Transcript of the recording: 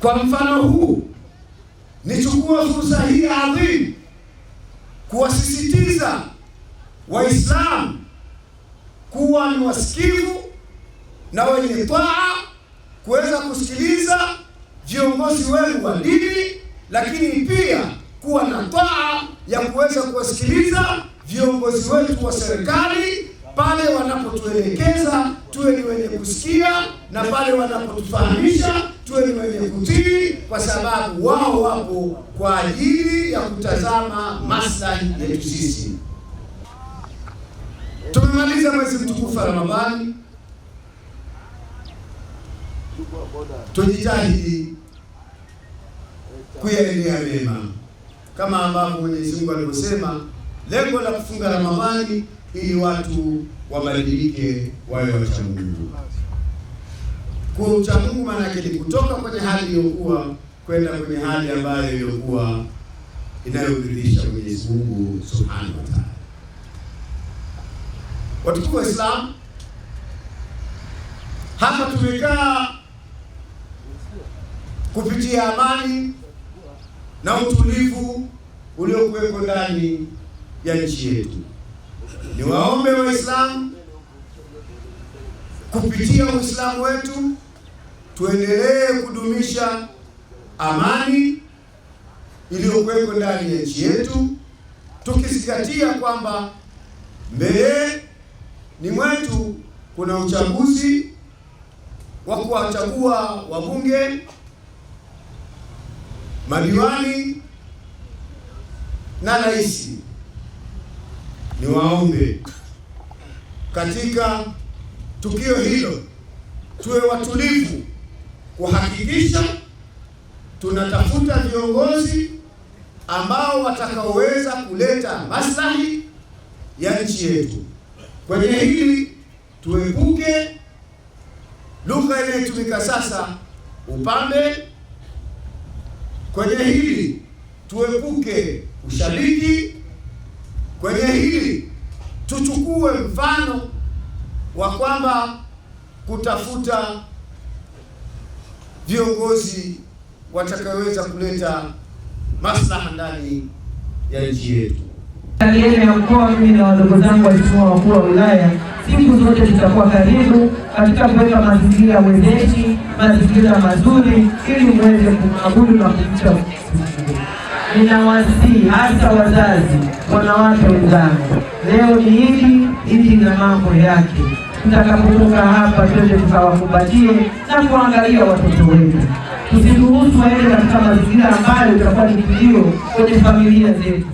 Kwa mfano huu, nichukua fursa hii adhimu kuwasisitiza Waislamu kuwa ni wasikivu na wenye taa kuweza kusikiliza viongozi wenu wa dini, lakini pia kuwa na taa ya kuweza kuwasikiliza viongozi wetu wa serikali pale wanapotuelekeza tuwe ni wenye kusikia, na pale wanapotufahamisha tuwe ni wenye kutii, kwa sababu wao wapo kwa ajili ya kutazama maslahi yetu sisi. Tumemaliza mwezi mtukufu wa Ramadhani, tujitahidi kuyaendea mema kama ambavyo Mwenyezi Mungu alivyosema lengo la kufunga Ramadhani ili watu wabadilike wawe wacha Mungu. Kuwa Mungu maana yake ni kutoka kwenye hali iliyokuwa kwenda kwenye hali ambayo iliyokuwa inayomridhisha Mwenyezi Mungu Subhanahu wa Ta'ala. Watukufu wa Islam, hapa tumekaa kupitia amani na utulivu uliokuwepo ndani ya nchi yetu. Niwaombe Waislamu, kupitia Uislamu wetu tuendelee kudumisha amani iliyokuwepo ndani ya nchi yetu, tukizingatia kwamba mbele ni mwetu kuna uchaguzi wa kuwachagua wabunge, madiwani na rais niwaombe katika tukio hilo tuwe watulivu kuhakikisha tunatafuta viongozi ambao watakaoweza kuleta maslahi ya nchi yetu. Kwenye hili tuepuke lugha inayotumika sasa, upande. Kwenye hili tuepuke ushabiki Kwenye hili tuchukue mfano wa kwamba kutafuta viongozi watakaweza kuleta maslaha ndani ya nchi yetu. Kageme ya mkoa, mimi na wadogo zangu waheshimiwa wakuu wa wilaya, siku zote tutakuwa karibu katika kuweka mazingira ya wezeshi, mazingira mazuri, ili muweze kumwabudu na kumcha Mungu ninawasihi hasa wazazi, wanawake wenzangu, leo ni hili hili na mambo yake. Tutakapotoka hapa, twende tukawakumbatie na kuangalia watoto wetu, tusiruhusu waende katika mazingira ambayo itakuwa ni kilio kwenye familia zetu.